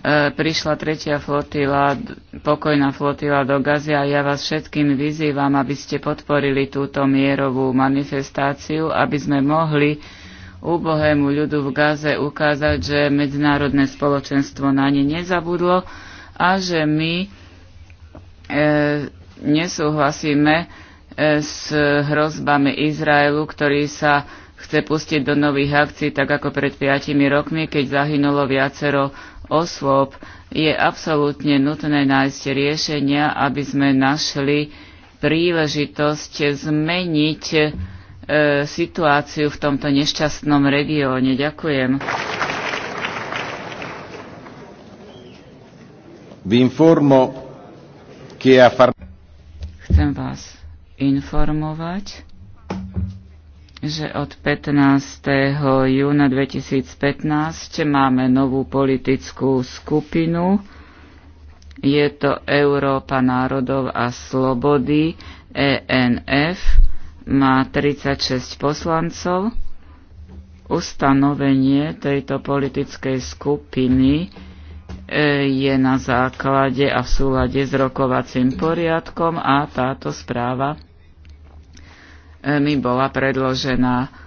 E, prišla tretia flotila, pokojná flotila do Gazy a ja vás všetkým vyzývam, aby ste podporili túto mierovú manifestáciu, aby sme mohli úbohému ľudu v Gaze ukázať, že medzinárodné spoločenstvo na ne nezabudlo a že my e, nesúhlasíme e, s hrozbami Izraelu, ktorý sa chce pustiť do nových akcií, tak ako pred piatimi rokmi, keď zahynulo viacero osôb, je absolútne nutné nájsť riešenia, aby sme našli príležitosť zmeniť e, situáciu v tomto nešťastnom regióne. Ďakujem. Chcem vás informovať, že od 15. júna 2015 máme novú politickú skupinu. Je to Európa národov a slobody, ENF, má 36 poslancov. Ustanovenie tejto politickej skupiny e, je na základe a v súlade s rokovacím poriadkom a táto správa mi bola predložená.